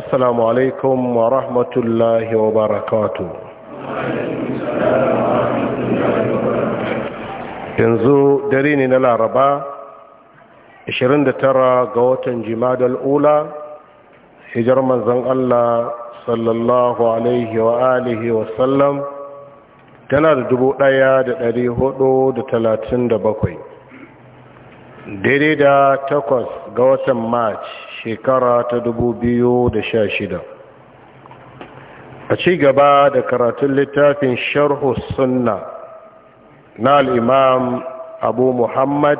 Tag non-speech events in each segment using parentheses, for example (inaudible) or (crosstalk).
السلام عليكم ورحمة الله وبركاته yanzu dare ne na laraba 29 ga watan jimadal ula hijar manzan Allah sallallahu alaihi dubu ɗaya da sallam tana da talatin da bakwai. daidai da takwas ga watan march shekara ta dubu biyu da sha shida. a ci gaba da karatun littafin sharhu sunna na al'imam abu muhammad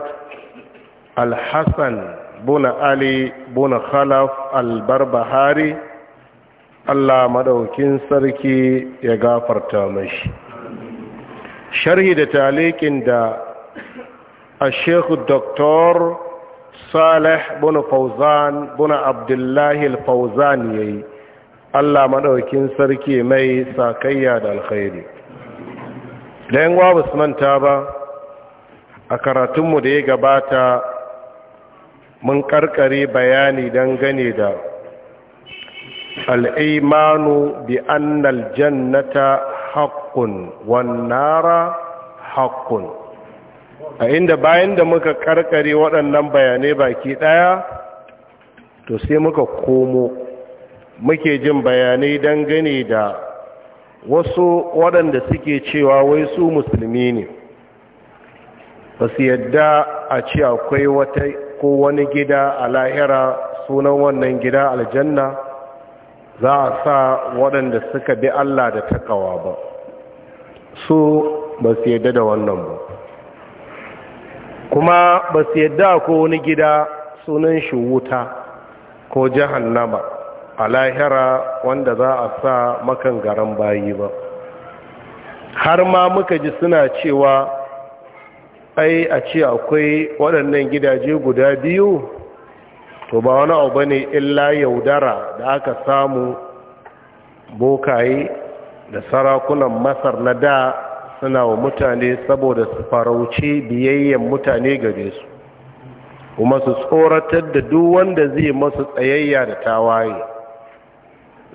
al-hassan buna ali buna khalaf al-barbahari allah maɗaukin sarki ya gafarta mashi sharhi da talikin da a shekhu doktor salih bin fauzan bin abdullahi fauzan yayi Allah maɗaukin sarki mai sakayya da alkhairi da yan wabu manta ba a karatunmu da ya gabata mun karkare bayani dangane da al'imanu bi annal jannata haƙƙun wannara haƙƙun a inda bayan da muka karkare waɗannan bayanai baki ɗaya to sai muka komo muke jin bayanai gane da wasu waɗanda suke cewa wai su musulmi ne ba su yadda a ce akwai wata ko wani gida a lahira sunan wannan gida aljanna za a sa waɗanda suka bi Allah da takawa ba su ba su yadda da wannan ba kuma ba su yadda ko wani gida sunan shi wuta ko jahannama a lahira wanda za a sa makan garan bayi ba har ma muka ji suna cewa ai a ce akwai waɗannan gidaje guda biyu to ba wani abu ne illa yaudara da aka samu bokaye da sarakunan masar na da suna wa mutane saboda su farauci biyayyen mutane gare su kuma su tsoratar da duk wanda zai masu tsayayya da tawaye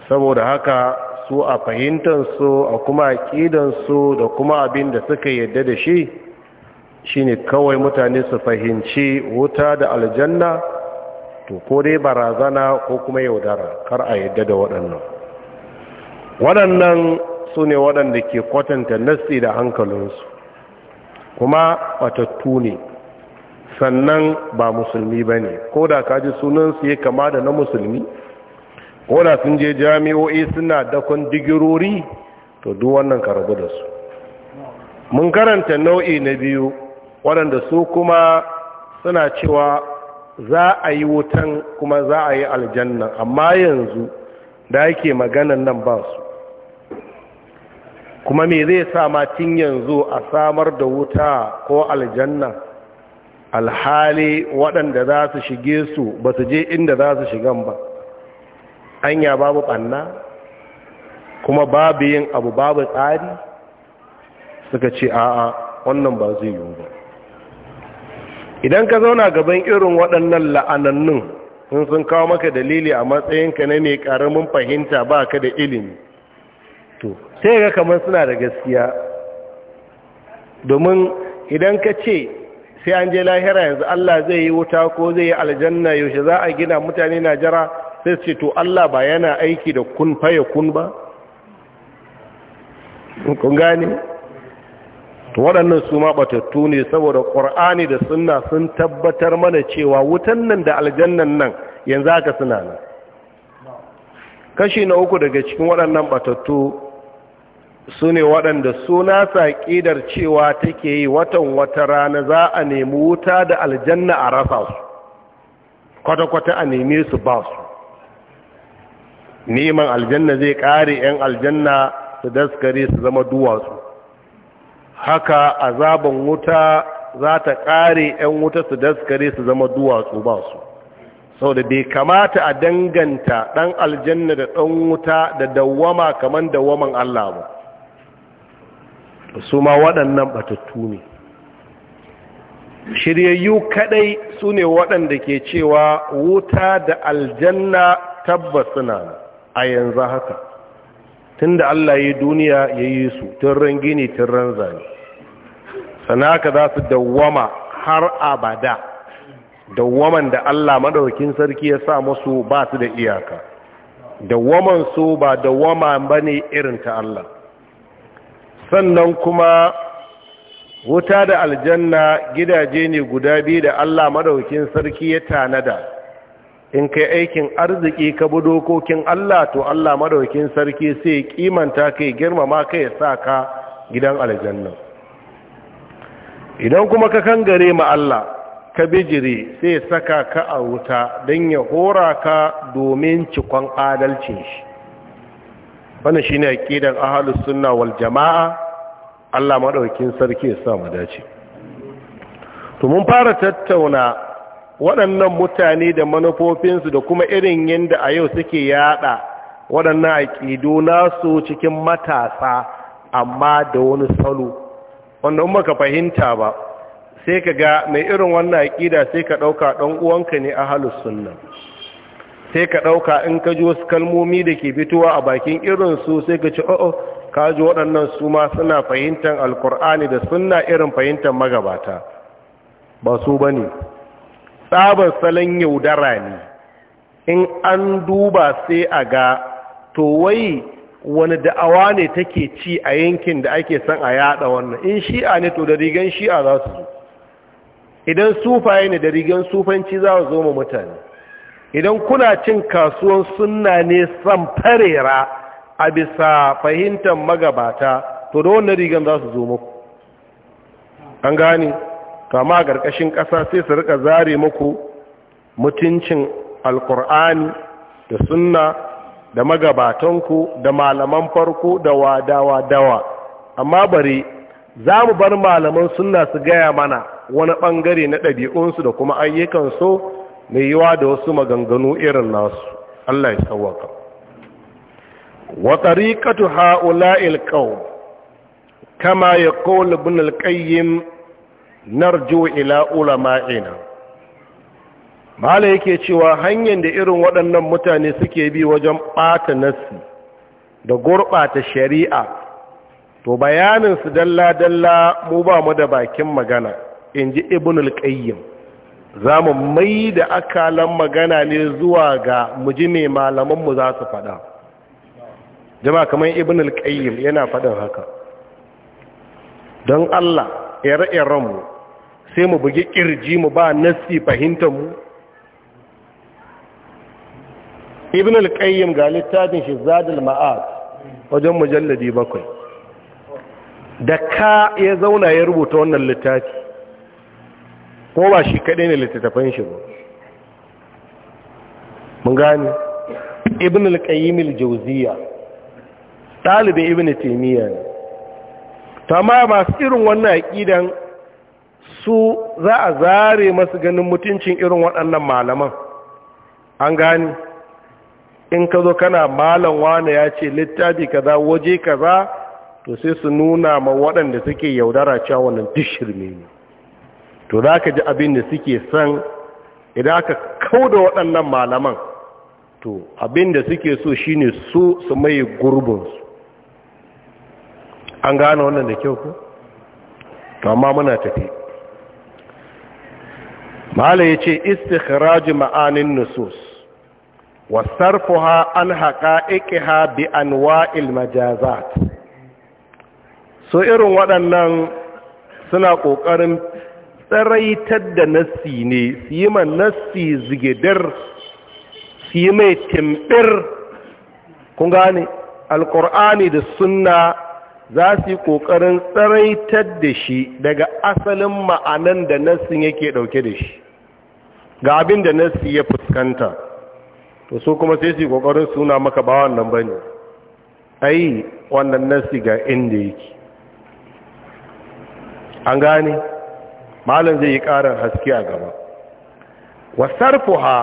saboda haka su a fahimtansu a kuma aƙidansu da kuma abin da suka yadda da shi shine kawai mutane su fahimci wuta da aljanna to ko dai barazana ko kuma yaudara kar a yadda da waɗannan waɗannan su ne waɗanda ke kwatanta nassi da hankalinsu kuma batattu ne sannan ba musulmi ba ne ko da kaji sunansu ya kama da na musulmi ko da sun je jami'o'i suna dakon digirori to duk wannan karabu da su mun karanta nau'i na biyu waɗanda su kuma suna cewa za a yi wutan kuma za a yi aljanna amma yanzu da ake maganan nan ba su kuma me zai sa matin yanzu a samar da wuta ko aljanna alhali waɗanda za su shige su ba su je inda za su shigan ba anya babu ɓanna kuma babu yin abu babu tsari suka ce a'a wannan ba zai yi ba idan ka zauna gaban irin waɗannan la'anannun sun sun kawo maka dalili a matsayinka na mai ƙaramin fahimta ba ka da ilimi to sai ga kamar suna da gaskiya domin idan ka ce sai an je lahira yanzu Allah zai yi wuta ko zai yi aljanna yaushe za a gina mutane na jira sai ce to Allah ba yana aiki da kun faye kun ba kun gane to waɗannan su ma batattu ne saboda ƙur'ani da sunna sun tabbatar mana cewa wutan nan da aljannan nan yanzu aka suna nan kashi na uku daga cikin waɗannan batattu su ne waɗanda suna saƙidar cewa take yi watan wata rana za a nemi wuta da aljanna a rasa su kwata-kwata a neme su ba su neman aljanna zai ƙare 'yan aljanna su daskare su zama duwatsu haka azaban wuta za ta ƙare 'yan wuta su daskare su zama duwatsu ba su sau da bai kamata a danganta ɗan aljanna da ɗan wuta da dawama kamar dawaman Allah ba su ma waɗannan batattu ne shiryayyu kaɗai su ne waɗanda ke cewa wuta da aljanna tabbas suna a yanzu haka tun da Allah yi duniya ya yi su tun gini tun zane sana ka za su dawwama har abada dawwaman da Allah madaukin sarki ya sa musu ba su da iyaka dawwaman su ba dawwama bane irin ta Allah sannan kuma wuta da aljanna gidaje ne guda biyu da Allah madaukin sarki ya tanada in kai aikin arziki ka bi dokokin Allah to Allah madaukin sarki sai ya kimanta kai girmama kai ya sa ka gidan aljanna idan kuma ka kangare ma Allah ka bijire sai saka ka a wuta don ya hora ka domin cikon adalcin shi wannan shine aqidan ahlus sunna wal jamaa Allah maɗaukin sarki ya sa dace to mun fara tattauna waɗannan mutane da manufofinsu da kuma irin yadda a yau suke yaɗa waɗannan aƙidu nasu cikin matasa amma da wani salo wanda in ka fahimta ba sai ka ga mai irin wannan aƙida sai ka ɗauka ɗan uwanka ne a halus sunna sai ka ɗauka in ka ji wasu kalmomi da ke fitowa a bakin irinsu sai ka ci, o'o oh, oh, ka ji waɗannan su ma suna fahimtar alkur'ani da suna irin fahimtar magabata ba su ba ne tsabar salon yaudara ne in an duba sai a ga to wai wani da'awa ne take ci a yankin da ake son a yada wannan in shi'a ne to da rigan shi'a za su idan sufaye ne da rigan sufanci za su zo ma mutane idan kuna cin kasuwan sunna ne san farera a bisa fahimtar magabata to da wannan rigan za su zo muku an gane kama a ƙarƙashin ƙasa sai su rika zare muku mutuncin alkur'ani da sunna da magabatanku da malaman farko da wadawa dawa amma bari za mu bar malaman sunna su gaya mana wani ɓangare na ɗabi'unsu da kuma ayyukansu mai yiwa da wasu maganganu irin nasu Allah ya sauwaka wa tariqatu ha'ula'il qaum kama yaqul ibn al-qayyim narju ila ulama'ina mala yake cewa hanyar da irin waɗannan mutane suke bi wajen ɓata nasi da gurɓata shari'a to bayaninsu dalla-dalla mu ba mu da bakin magana in ji ibn al-qayyim za mu mai da akalan magana ne zuwa ga muji mai malamanmu za su faɗa jama kamar ibn al-qayyim yana faɗin haka don allah ire-irenmu sai mu bugi ƙirji mu ba nasi mu ibn al-qayyim ga littafin shi zadil ma'ad wajen mujalladi bakwai da ka ya zauna ya rubuta wannan littafi ko ba shi kaɗai ne littattafan shi ba mun gane ibn al-qayyim al-jawziya ɗalibin ibn taymiya ne ba masu irin wannan aqidan su za a zare masu ganin mutuncin irin waɗannan malaman an gani in ka zo kana malam wani ya ce littafi kaza waje kaza to sai su nuna ma waɗanda suke yaudara cewa wannan duk shirme ne to za ka ji abin da suke son idan aka kau da waɗannan malaman to abin da suke so shine su su mai gurbinsu an gane wannan da kyau ku to amma muna tafi mala ya ce istikhraju ma'anin nusus wa sarfuha an ha bi an wa'il majazat so irin waɗannan suna ƙoƙarin tsaraitar da nassi ne su yi ma nassi zigidar su yi mai timbir kun gane alkur'ani da sunna za su yi ƙoƙarin tsaraitar da shi daga asalin ma'anan da nassi yake ɗauke da shi ga abin da nassi ya fuskanta to su kuma sai su yi ƙoƙarin suna maka ba wannan ba ne ai wannan nassi ga inda yake an gane malam zai yi ƙarin haske a gaba wasarfuha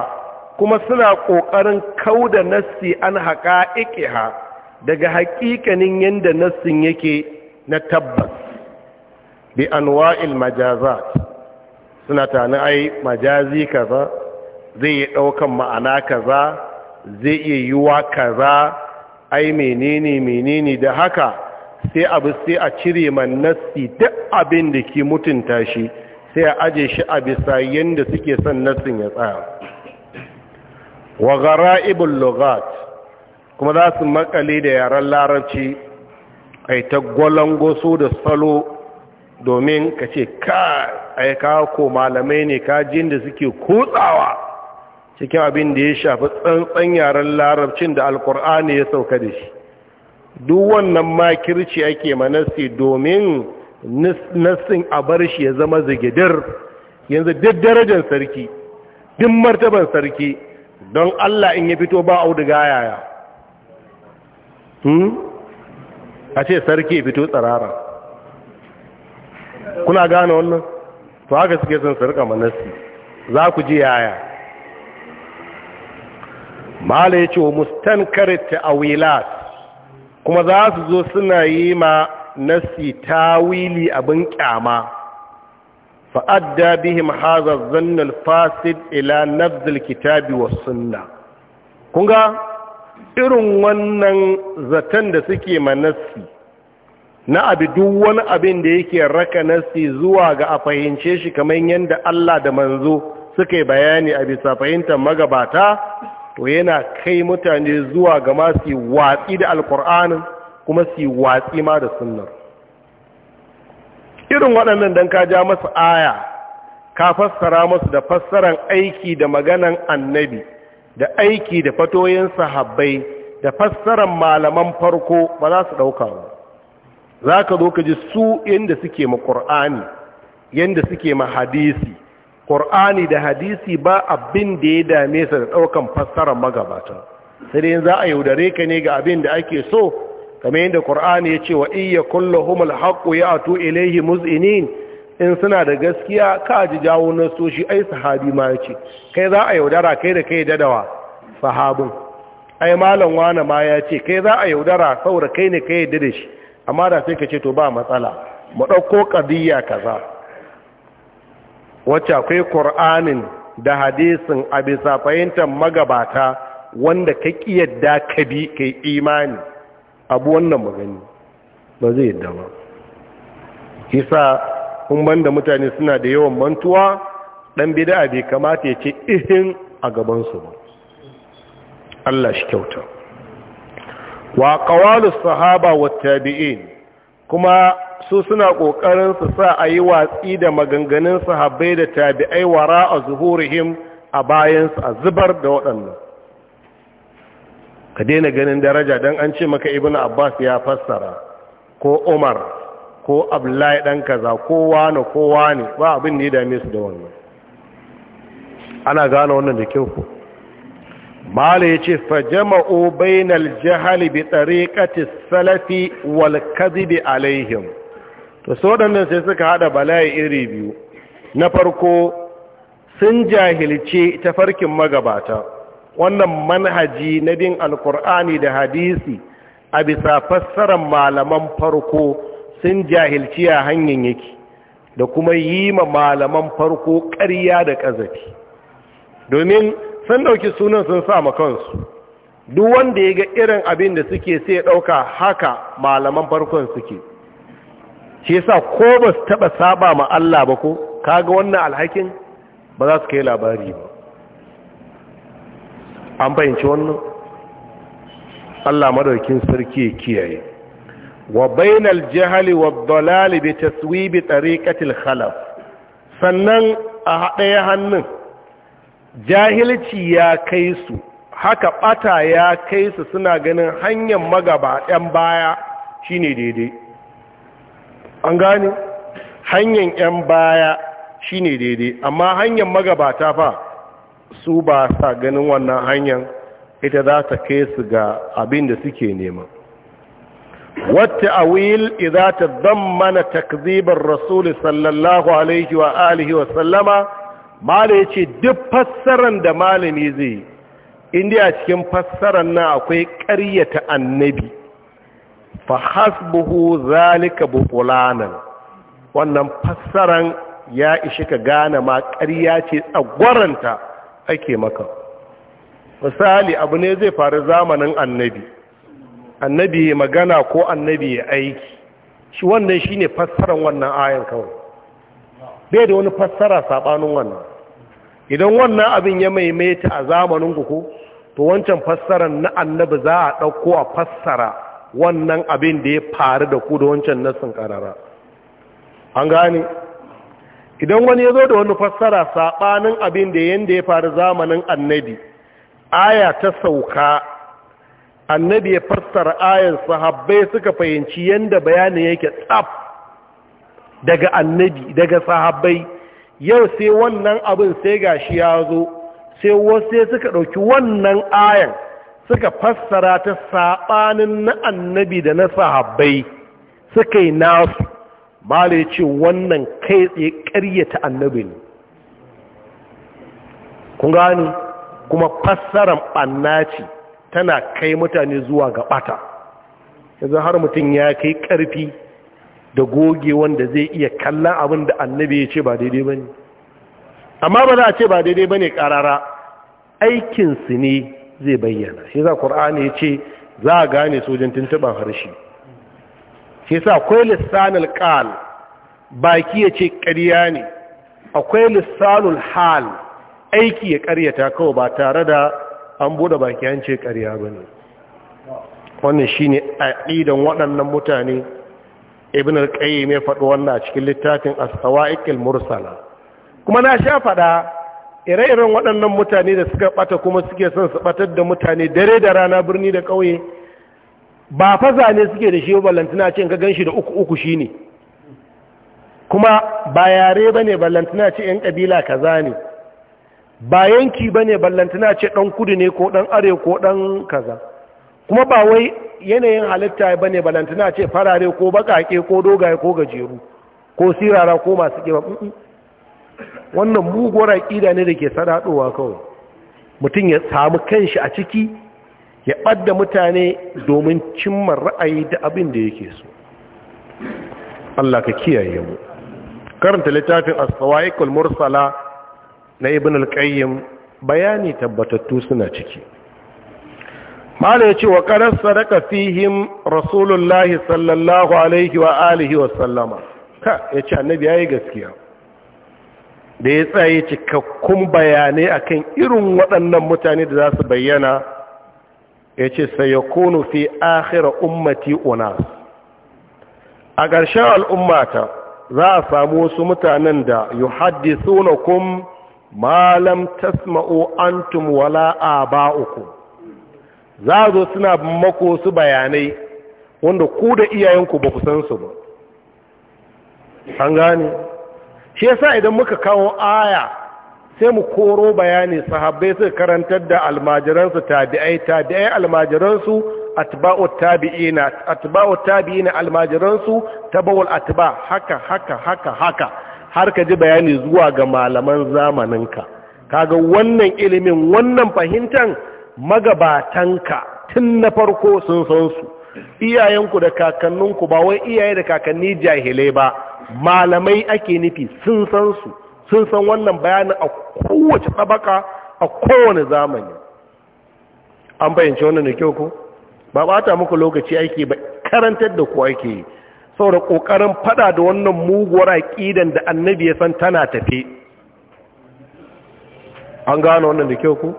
kuma suna ƙoƙarin kauda nassi an haƙa ha, daga haƙiƙanin yadda nassin yake na tabbas bi anwa'il majazat suna tani ai majazi kaza zai yi ɗaukan ma'ana kaza zai iya yiwa kaza ai menene menene da haka sai abu sai a cire man nassi duk abin da ke mutunta shi sai a aje shi a bisa yadda suke son nassin ya tsaya wa gara'ibul lughat kuma za su makale da yaren larabci ai ta goso da salo domin ka ce ka ai ka ko malamai ne ka da suke kutsawa cikin abin da ya shafi tsantsan yaren larabcin da alkur'ani ya sauka da shi duk wannan makirci ake manasi domin nassin a bar shi ya zama zigidir yanzu duk darajar sarki duk martaban sarki don Allah in ya fito ba auduga yaya hmm? a ce sarki fito tsarara kuna gane wannan to haka suke son sarka manassi za ku ji yaya mala ya ce wa mustankar ta'awilat kuma za su zo suna yi ma ta tawili abin kyama fa'adda bihim hazar zannin fasid ila nafzil kitabi wa sunna kunga irin wannan zaton da suke manassi na abi duk wani abin da yake raka nasi zuwa ga a fahimce shi kamar yadda Allah da manzo suka yi bayani a bisa fahimtar magabata to yana kai mutane zuwa ga masu watsi da alkur'anin kuma su watsi ma da sunnar irin waɗannan don ka ja masu aya ka fassara masu da fassaran aiki da maganan annabi da aiki da fatoyin sahabbai da fassaran malaman farko ba za su ɗauka ba za ka zo ka ji su yadda suke ma ƙur'ani yadda suke ma hadisi ƙur'ani da hadisi ba abin da ya dame sa da ɗaukan fassarar magabata sai dai za a yaudare ka ne ga abin da ake so kamar yadda qur'ani ya ce wa iya kulluhumul ya ya'tu ilayhi muz'inin in suna da gaskiya ka ji jawo na soshi. ai sahabi ma yace kai za a yaudara kai da kai dadawa sahabin ai malam wani ma ya ce kai za a yaudara saboda kai ne kai yadda da shi amma da sai ka ce to ba matsala mu ɗauko ƙadiyya kaza wacce akwai ƙur'anin da hadisin a bisa fahimtar magabata wanda ka yadda ka bi kai imani abu wannan magani ba zai yadda ba kisa kun da mutane suna da yawan mantuwa dan bid'a bai kamata ya ce ihin a gabansu ba Allah shi kyauta wa qawalus sahaba wat tabi'in kuma su suna ƙoƙarin su sa a yi watsi da maganganun sahabbai da tabi'ai wara a zuhurihim a bayansu a zubar da waɗannan ka daina ganin daraja don an ce maka ibn abbas ya fassara ko umar ko abdullahi dan kaza ko wani ko wani ba abin da ya dame su da wannan ana gane wannan da kyau ku mala ya ce fajama'u bainal jahali bi tariqati salafi wal kadhibi alaihim to so waɗannan sai suka hada bala'i iri biyu na farko sun jahilce farkin magabata wannan manhaji na bin alkur'ani da hadisi a bisa fassarar malaman farko sun jahilci a hanyar yake da kuma yi ma malaman farko ƙarya da ƙazafi domin sun ɗauki sunan sun sa kansu duk wanda ya ga irin abin da suke sai ɗauka haka malaman farkon suke ce sa ko ba su taɓa saba ma Allah ba ko kaga wannan alhakin ba za su kai labari ba an fahimci wannan Allah madaukin sarki ya kiyaye wa bainal jahali wa dalali bi taswibi tariqatil khalaf sannan a haɗaya hannun jahilci ya kai su haka bata ya kai su suna ganin hanyar magaba ɗan baya shine daidai an gane hanyar 'yan baya shine daidai amma hanyar magabata fa su ba sa ganin wannan hanyar ita za ta kai su ga abin da suke nema wata awil idza ta mana takzibar rasul sallallahu alaihi wa alihi wa sallama ya ce duk fassaran da malami zai indiya cikin fassaran na akwai ƙaryata annabi fa hasbuhu zalika bukulanan, wannan fassaran ya ishi ka gane ma ƙarya ce tsagwaranta ake maka misali abu ne zai faru zamanin annabi annabi ya magana ko annabi ya aiki shi wannan shi ne fassarar wannan ayan kawai bai da wani fassara saɓanin wannan idan wannan abin ya maimaita a zamanin guku to wancan fassarar na annabi za a ɗauko a fassara wannan abin da ya faru da ku da wancan nassin ƙarara an gane idan wani ya zo da wani fassara saɓanin abin da yanda ya faru zamanin annabi aya ta sauka annabi ya fassara ayan sahabbai suka fahimci yadda bayanin yake tsaf daga annabi daga sahabbai yau sai wannan abin sai gashi ya zo sai wasu suka ɗauki wannan ayan suka fassara ta saɓanin na annabi da na sahabbai suka yi nasu da ya ce wannan kai tsaye ƙaryata annabi ne kun gani kuma fassarar ɓanna tana kai mutane zuwa ga ɓata yanzu har mutum ya kai ƙarfi da goge wanda zai iya kallon abin da annabi ya ce ba daidai ba ne amma ba za a ce ba daidai ba ne ƙarara aikinsu ne zai bayyana shi za ƙur'ani ya ce za a gane sojan tuntuɓar harshe shi sa akwai lissanul ƙal baki ya ce ƙarya ne akwai lissanul hal aiki ya ƙaryata kawai ba tare da an buɗe baki an ce ƙarya ba ne wannan shi ne a aƙidan waɗannan mutane ibn al mai faɗi wannan a cikin littafin as-sawa'iqil mursala kuma na sha faɗa ire-iren waɗannan mutane da suka ɓata kuma suke son su ɓatar da mutane dare da rana birni da ƙauye ba fa zane suke da shi ballantana ce in ka ganshi da uku uku shi ne? kuma ba yare bane ballantana ce yan kabila kaza ne ba yanki bane ballantana ce dan kudu ne ko dan are ko dan kaza kuma ba wai yanayin halitta bane ballantana ce farare ko bakake ko dogaye ko gajeru ko sirara ko masu kiba wannan muguwar aƙida ne da ke sadaɗowa kawai mutum ya samu kanshi a ciki ya ɓadda mutane domin cimma ra'ayi da abin da yake so Allah ka kiyaye mu karanta littafin as-sawa'iqul mursala na ibn al-qayyim bayani tabbatattu suna ciki malai yace wa qaras sadaka fihim rasulullahi sallallahu alaihi wa alihi wa sallama ka yace annabi yayi gaskiya da ya tsaye cikakkun bayanai akan irin waɗannan mutane da za su bayyana ya ce sayakunu fi akhira ummati unas a ƙarshen al'ummata za a samu wasu mutanen da yi haddisuna kum malam tasma'u antum wala aba'ukum za zo suna mako su bayanai wanda ku da iyayenku ba ku san su ba an gane shi yasa idan muka kawo aya sai mu koro bayani sahabbai su karantar da almajiransu tabi'ai tabi'ai almajiransu atba'u tabi'ina atba'u tabi'ina almajiransu tabawul atba haka haka haka haka har ka ji bayani zuwa ga malaman zamaninka kaga wannan ilimin wannan fahimtan magabatanka tun na farko sun san su iyayenku da kakanninku ba wai iyaye da kakanni jahilai ba malamai ake nufi sun san su sun san wannan bayanin a kowace tabaka a kowane zamani an bayyance wannan da kyau ko ba bata muku lokaci aiki ba karantar da ku ake yi saboda kokarin fada da wannan muguwar aqidan da annabi ya san tana tafe an gano wannan da kyau ko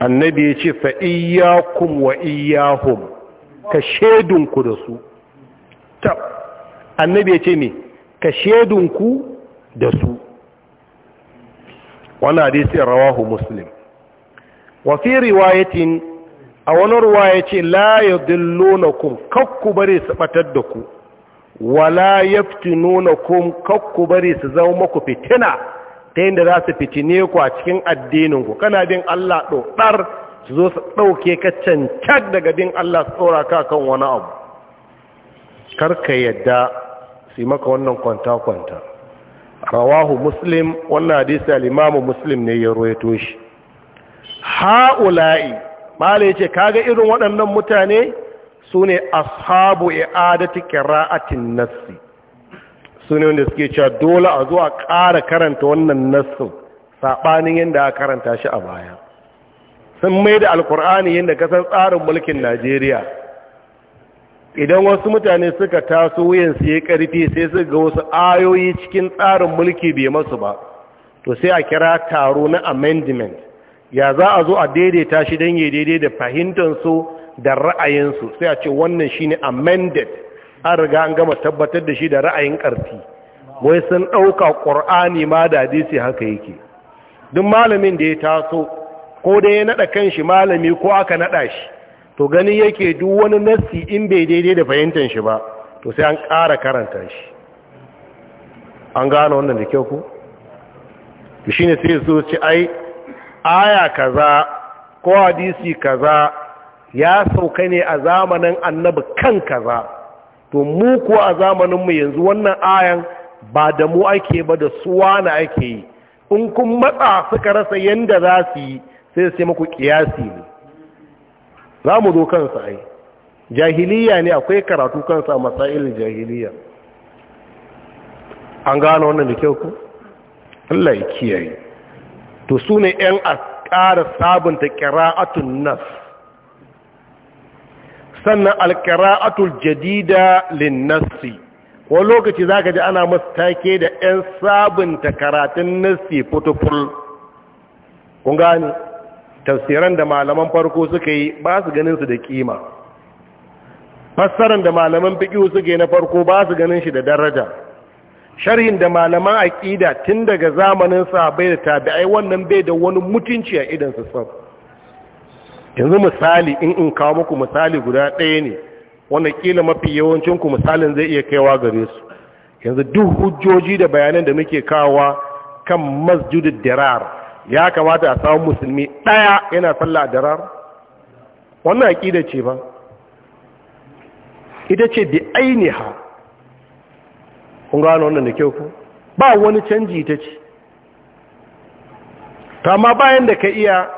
annabi ya ce fa iyyakum wa iyyahum ka ku da su ta annabi ya ce ne ka ku? da su wannan hadisin rawahu muslim wa fi riwayatin a wani ruwa ce la kakku bari su batar da ku wala ya fitinonakum kakku bari su zama maku fitina ta yin da za su fitine ku a cikin addininku kana bin Allah ɗoɗar su zo su ɗauke ka cancan daga bin Allah su ɗora ka kan wani abu karka yadda su yi maka wannan kwanta-kwanta rawahu muslim wannan hadisi al-imamu muslim ne ya ruwaito shi ha'ula'i mala yace kaga irin waɗannan mutane su sune ashabu i'adati qira'atin nassi ne wanda suke cewa dole a zo a ƙara karanta wannan nassin sabanin yanda a karanta shi a baya sun mai da alkur'ani yadda kasar tsarin mulkin najeriya idan wasu mutane suka taso wuyansu ya karfi sai su ga wasu ayoyi cikin tsarin mulki bai masu ba to sai a kira taro na amendment ya za a zo a daidaita shi don yi daidai da fahimtansu da ra'ayinsu sai a ce wannan shi ne amended an riga an gama tabbatar da shi da ra'ayin ƙarfi wai sun ɗauka ƙur'ani ma da hadisi haka yake duk malamin da ya taso ko dai ya naɗa kanshi malami ko aka naɗa shi to gani yake duk wani nassi in bai daidai da fahimtar shi ba to sai an ƙara karanta shi an gano wannan da kyau ku to shine sai su ci ai aya kaza ko hadisi kaza ya sauka ne a zamanin annabi kan kaza to mu ko a zamanin mu yanzu wannan ayan ba da mu ake ba da suwa na ake yi in kun matsa suka rasa yanda za su yi sai su yi muku kiyasi ne za mu zo kansa ai jahiliya ne akwai karatu kansa a matsayin jahiliya an gano wannan da kyau ku? Allah ya kiyaye to su ne 'yan a ƙara sabunta ƙira'atun nas sannan alƙira'atul jadida linnassi wani lokaci za ka ji ana masu take da 'yan sabunta karatun nassi fotoful kun gane tafsiran da malaman farko suka yi ba su ganin su da kima fassaran da malaman fiqh suka yi na farko ba su ganin shi da daraja sharhin da malaman aƙida tun daga zamanin sahabbai da tabi'ai wannan bai da wani mutunci a idan su yanzu misali in in kawo muku misali guda ɗaya ne wanda ƙila mafi yawancin ku misalin zai iya kaiwa gare su yanzu duk hujjoji da bayanan da muke kawo kan masjidud dirar ya kamata a samun musulmi ɗaya yana sallah a darar wannan aƙida ce ba ita ce bi ainiha kun gano wannan da kyau ku ba wani canji ita ce ta ma bayan da ka iya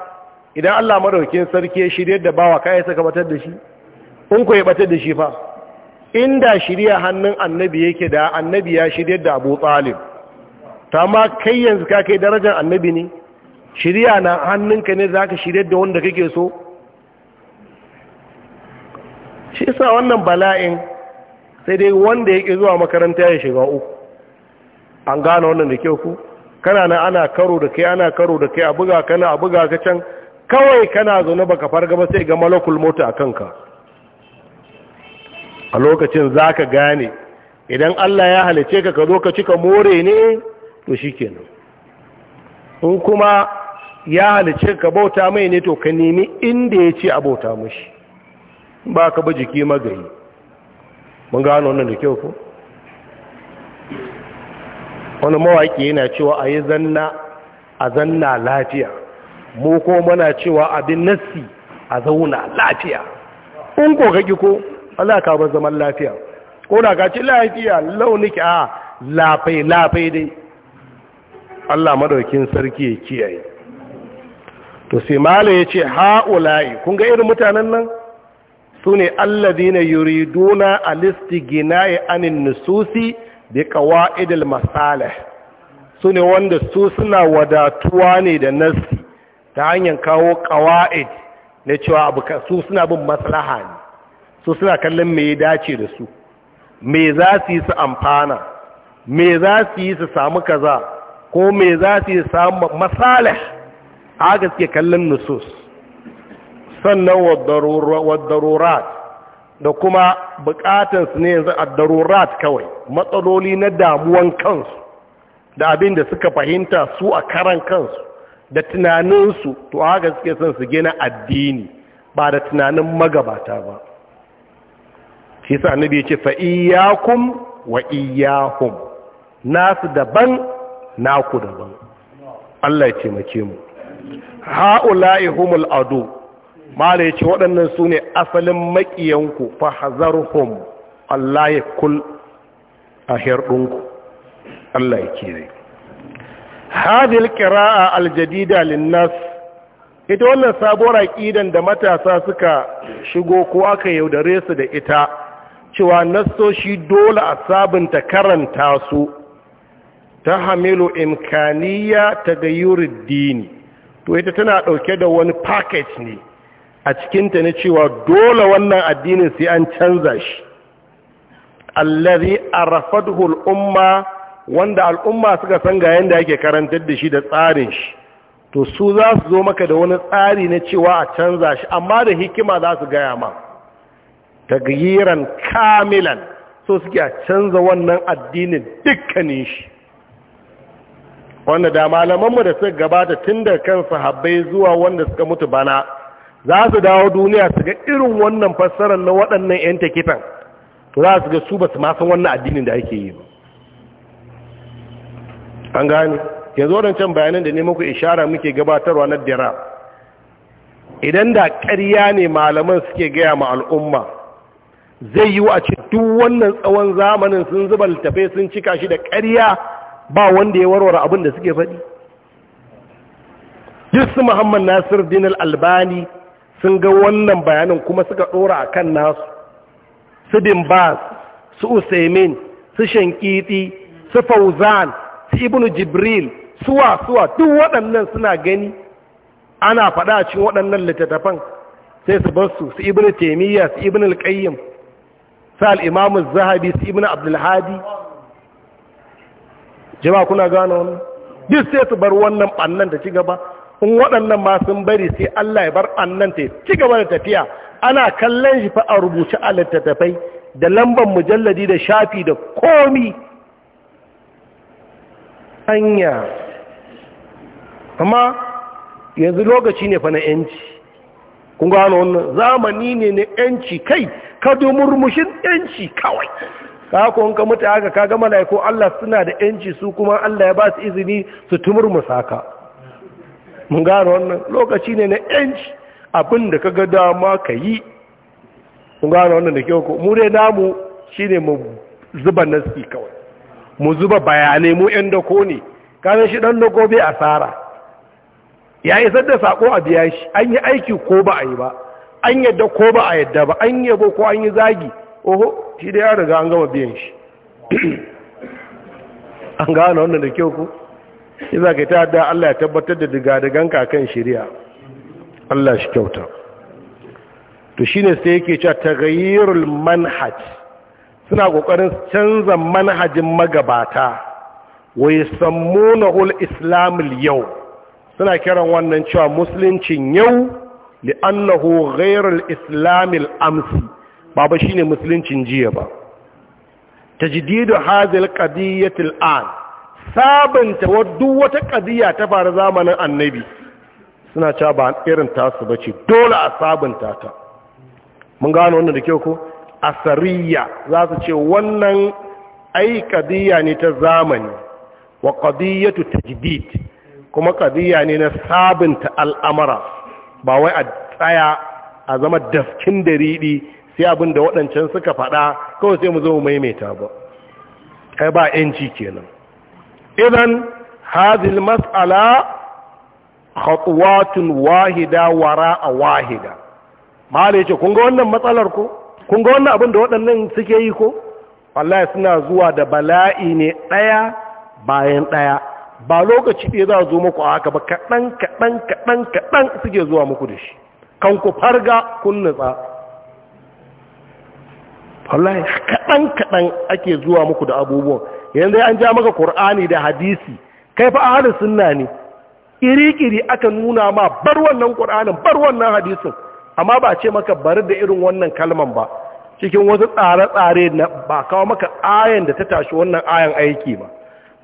idan Allah maraukin sarki ya shirya da bawa yi saka batar da shi in ku yi batar da shi fa inda shirya hannun annabi yake da annabi ya shirya da abu tsalib ta ma kai yanzu ka kai darajar annabi ne shirya na hannunka ne za ka shirya da wanda kake so shi sa wannan bala'in sai dai wanda yake zuwa makaranta ya shiga uku an gane wannan da kyau ku kana na ana karo da kai ana karo da kai a buga kana a buga ka can kawai kana zaune baka farga ba sai ga malakul mota a kanka a lokacin za ka gane idan Allah ya halice ka ka zo ka cika more ne to shi kenan in kuma ya halice ka bauta mai ne to ka nemi inda ya ce a bauta mashi ba ka ba jiki magayi mun gano wannan da kyau ko wani mawaƙi yana cewa a yi zanna a zanna lafiya mu ko muna cewa abin nassi a zauna lafiya in ko kaki ko Allah ka bar zaman lafiya ko da ka ci lafiya launiki a lafai lafai dai Allah madaukin sarki ya kiyaye to sai mala ya ce ha'ula'i kun ga irin mutanen nan su ne allazina yuriduna alistigina'i anin nususi kawa idil masala su ne wanda su suna wadatuwa ne da nassi ta hanyar kawo ƙawa'id na cewa abu su suna bin maslaha ne su suna kallon me ya dace da su me za su yi su amfana me za su yi su samu kaza ko me za su yi su samu haka ke kallon nusus sannan wadarurat da kuma bukatansu ne yanzu a darurat kawai matsaloli na damuwan kansu da abin da suka fahimta su a karan kansu da tunaninsu to haka suke son su gina addini ba da tunanin magabata ba shi sa annabi ya ce fa iyyakum wa iyyahum nasu daban naku daban Allah ya taimake mu ha'ula'i humul adu mala ce waɗannan su ne asalin maƙiyanku fa hazar hum Allah ya kul a herɗinku Allah ya kire hadil qira'a aljadida linnas ita wannan sabuwar aƙidan da matasa suka shigo ko aka yaudare su da ita cewa nassoshi dole a sabunta karanta su ta hamilu imkaniya ta gayyurin dini to ita tana ɗauke da wani package ne a cikinta na cewa dole wannan addinin sai an canza shi allazi arafadhu umma wanda al'umma suka san ga yanda yake karantar da shi da tsarin shi to su za su zo maka da wani tsari na cewa a canza shi amma da hikima za su gaya ma tagyiran kamilan so suke a canza wannan addinin dukkanin shi wanda da malamanmu da suka gabata tun da kan sahabbai zuwa wanda suka mutu bana za su dawo duniya su ga irin wannan fassarar na waɗannan 'yan takitan to za su ga su ba su masan wannan addinin da ake yi ba an gane yanzu waɗancan bayanan da neman muku ishara muke gabatarwa na dira idan da ƙarya ne malaman suke gaya ma al'umma zai yi wa a ci duk wannan tsawon zamanin sun zuba littafai sun cika shi da ƙarya ba wanda ya warware abin da suke faɗi jisu muhammad nasir din albani sun ga wannan bayanin kuma suka ɗora a kan nasu su dimbas su usaimin su shankiti su fauzan su ibnu jibril suwa suwa duk waɗannan suna gani ana faɗa a cikin waɗannan littattafan sai su bar su su ibnu taimiyya su ibnu alƙayyim su al'imamu zahabi su ibnu abdulhadi jama'a kuna gano wani duk sai su bar wannan ɓannan da ci gaba in waɗannan ma sun bari sai Allah ya bar ɓannan ta ci gaba da tafiya ana kallon shi fa a rubuce a littattafai da lambar mujalladi da shafi da komi hanya amma yanzu lokaci ne fa na yanci kun gano wannan zamani ne na yanci kai ka murmushin yanci kawai ka ko in ka mutu haka ga mala'iku Allah suna da yanci su kuma Allah ya ba su izini su tumur musaka mun gano wannan lokaci ne na yanci abin da kaga dama ka yi mun gano wannan da kyau ko mu dai namu shine mu zuba nasi kawai mu zuba bayanai mu yan dako ne Ka kana shi dan dako bai asara ya isar da sako a biya shi an yi aiki ko ba a yi ba an yadda ko ba a yadda ba an yabo ko an yi zagi oho shi da ya riga an gama biyan shi an gane wannan da kyau ku za ka ta da Allah ya tabbatar da digan kakan shirya Allah shi kyauta to shine sai yake cewa gayirul manhaj suna kokarin canza manhajin magabata wai yasammuna ul islamul yau suna kiran wannan cewa musuluncin yau li'annahu ghayrul islamil amsi ba ba ne musuluncin jiya ba tajdidu hazil alqadiyyati an sabanta duk wata ƙadiyya ta fara zamanin annabi suna cewa ba irin tasu bace dole a sabanta ta mun gano wannan da kyau ko asariya za su ce wannan ai ƙadiyya ne ta zamani wa ƙadiyyatu tajdid kuma ƙadiyya ne na sabunta al'amara ba wai a tsaya a zama dafkin daridi sai abin da waɗancan suka faɗa kawai sai mu zo mu maimaita ba kai ba yanci kenan idan hazil mas'ala khatwatun wahida a wahida malai ce kun ga wannan matsalar ko kun ga wannan abin da waɗannan suke yi ko wallahi suna zuwa da bala'i ne ɗaya bayan ɗaya ba lokaci ɗaya za a zo muku a haka ba kaɗan kaɗan kaɗan kaɗan suke zuwa muku da shi kan ku farga kun nutsa wallahi kaɗan kaɗan ake zuwa muku da abubuwan yanzu an ja maka Kur'ani da hadisi kai fa ahalin sunna ne iri-iri aka nuna ma bar wannan ƙur'anin bar wannan hadisin amma ba ce maka bari da irin wannan kalman ba cikin wasu tsare-tsare na ba kawo maka ayan da ta tashi wannan ayan aiki ba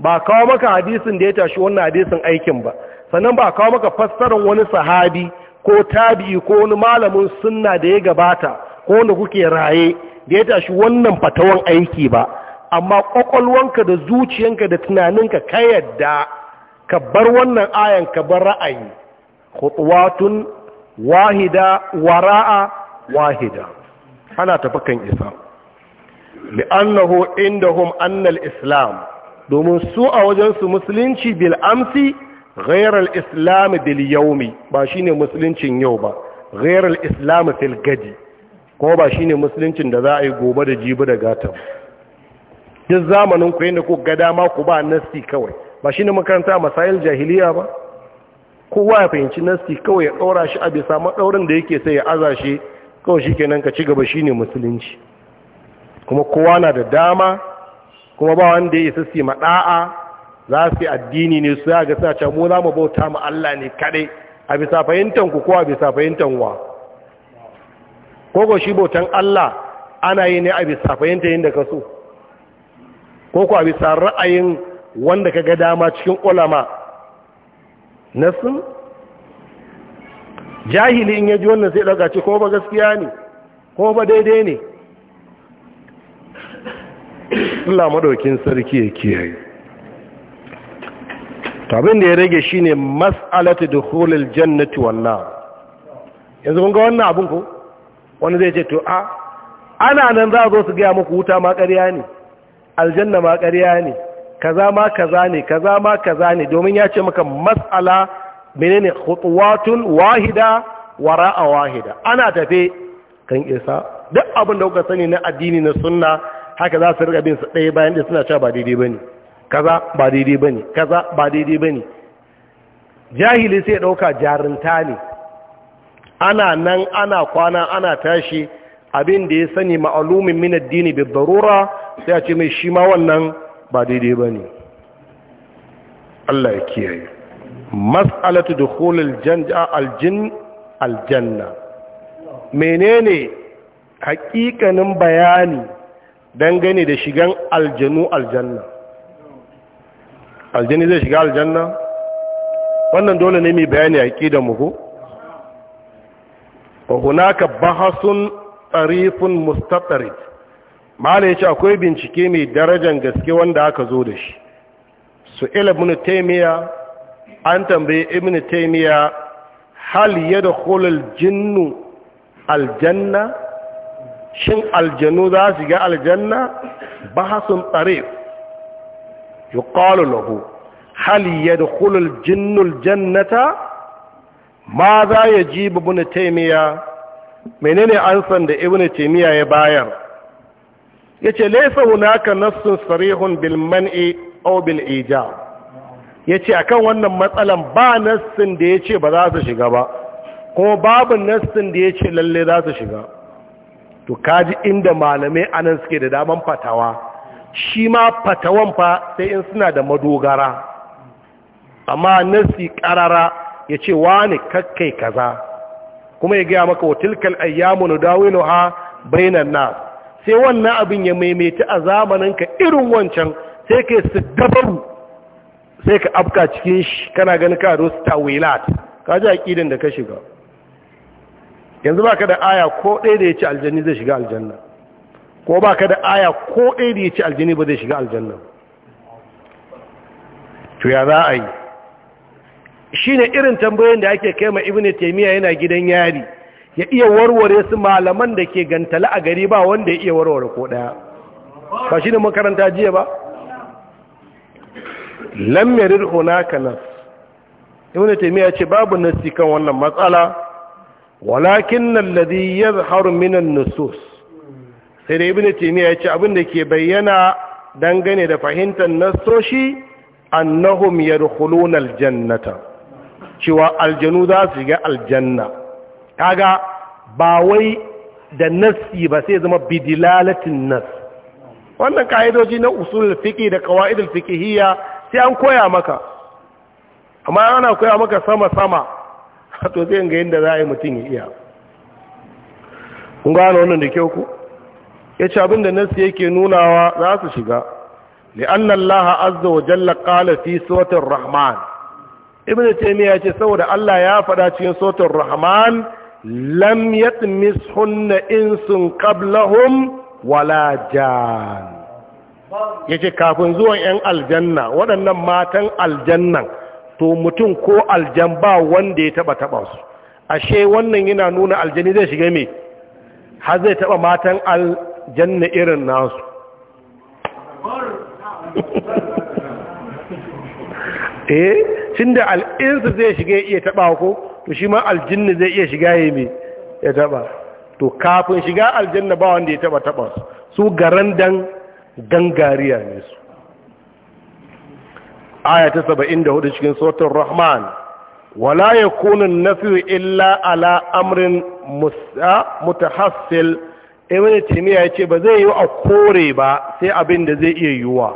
ba kawo maka hadisin da ya tashi wannan hadisin aikin ba sannan ba kawo maka fassarar wani sahabi ko tabi'i ko wani malamin sunna da ya gabata ko wanda kuke raye da ya tashi wannan fatawan aiki ba amma kwakwalwanka da zuciyanka da tunaninka ka yadda ka bar wannan ayan ka bar ra'ayi khutwatun wahida wara'a wahida ana tafi kan isa li'annahu indahum annal islam domin su a wajensu musulunci bil amsi ghairar islam bil yaumi ba shine musuluncin yau ba ghairar islam fil gadi kuma ba shi ne musuluncin da za a yi gobe da jibi da gata duk zamanin ku yadda ku ga dama ku ba nasti kawai ba shi ne makaranta masayin jahiliya ba kowa ya fahimci nasti kawai ya ɗaura shi a bisa maɗaurin da yake sai ya aza shi kawai shi kenan ka ci gaba ne musulunci kuma kowa na da dama kuma ba wanda ya sassi maɗa'a za su yi addini ne su ya ga sa mu za mu bauta mu Allah ne kaɗai a bisa fahimtanku ko a bisa fahimtan wa ko shi bautan Allah ana yi ne a bisa fahimta yin da ka so ko ku a bisa ra'ayin wanda ka ga dama cikin ulama sun? jahili in yaji wannan sai daga ce ko ba gaskiya ne ko ba daidai ne Allah maɗaukin sarki ya kiyaye tabin da ya rage shine mas'alatu da jannati jannatu wannan yanzu kun ga wannan abin ko wani zai ce to a ana nan za a zo su gaya muku wuta ma ƙarya ne aljanna ma ƙarya ne kaza ma kaza ne kaza ma kaza ne domin ya ce maka mas'ala menene khutwatun wahida wara a wahida ana tafe kan isa duk abin da kuka sani na addini na sunna haka za su riga bin su ɗaya bayan da suna cewa ba daidai bane kaza ba daidai bane kaza ba daidai bane jahili sai ya ɗauka jarunta ne ana nan ana kwana ana tashi abin da ya sani ma'alumin min addini bi darura sai a ce mai shi ma wannan ba daidai bane Allah ya kiyaye mas'alatu dukhul aljanna aljin aljanna menene hakikanin bayani dangane da shigan aljanu aljanna aljani zai shiga aljanna wannan dole ne mai bayani a ƙi da muku wa hunaka bahasun tsarifin mustatsarit mala ya ce akwai bincike mai darajar gaske wanda aka zo da shi su ibn taimiya an tambaye ibn taimiya hal ya da hulul jinnu aljanna shin aljanu za su ga aljanna bahasun tsarif yuqalu lahu hal ya da hulul jinnul jannata ma za ya ji ibn taimiya menene ansan da ibn taimiya ya bayar yace wuna hunaka nassun sarihun bilmani man'i aw bil Ya yace akan wannan matsalan ba nassun da ya ce ba za su shiga ba ko babu nassun da ya ce lalle za su shiga to kaji inda malamai anan suke da daman fatawa shi ma fatawan fa sai in suna da madogara amma nassi ƙarara. ya ce wani kakkai kaza kuma ya gaya maka watilkal ayyamu na ha bainan na sai wannan abin ya maimaita a zamanin ka irin wancan sai ka su dabaru sai ka afka cikin shi kana ganin ka zo tawilat ka ji aqidan da ka shiga yanzu ba ka da aya ko ɗaya da ya ci aljanni zai shiga aljanna ko ba ka da aya ko ɗaya da ya ci aljanni ba zai shiga aljanna to ya za a yi shine irin tambayoyin da ake kai ma ibnu taimiyya yana gidan yari ya iya warware su malaman da ke gantala a gari ba wanda ya iya warware ko ɗaya. ba shi ne makaranta jiya ba lam yarid hunaka nas ce babu nasi kan wannan matsala walakin alladhi ya min minan nusus sai da ibnu taimiyya ya ce abin da ke bayyana dangane da fahimtar nasoshi annahum yadkhuluna jannata cewa aljanu za su shiga aljanna kaga ba wai da nasi ba sai zama bidilalatin nas wannan ka'idoji na usul fiqi da qawaidul fiqhiyya sai an koya maka amma ana koya maka sama sama (laughs) to sai ga yadda za a yi mutum ya iya kun gano wannan da kyau ku ya abin abinda nasi yake nunawa za su shiga li'anna allaha azza wa jalla qala fi suratul rahman ibn taymiya ce saboda Allah ya faɗa cikin suratul rahman lam yatmishunna insun qablahum wala jan yace kafin zuwan yan aljanna waɗannan matan aljannan to mutum ko aljan ba wanda ya taba taba su ashe wannan yana nuna aljani zai shiga me har zai taba matan aljanna irin nasu (laughs) eh tun da al'insu zai shiga iya taɓa ko to shi ma aljinnu zai iya shiga ya mai ya taɓa to kafin shiga aljanna ba wanda ya taɓa taɓa su su garan dan gangariya ne su aya ta saba'in da hudu cikin sautin rahman wala ya kunin nafi illa ala amrin mutahassil ibn timiya ya ce ba zai yi a kore ba sai abin da zai iya yiwuwa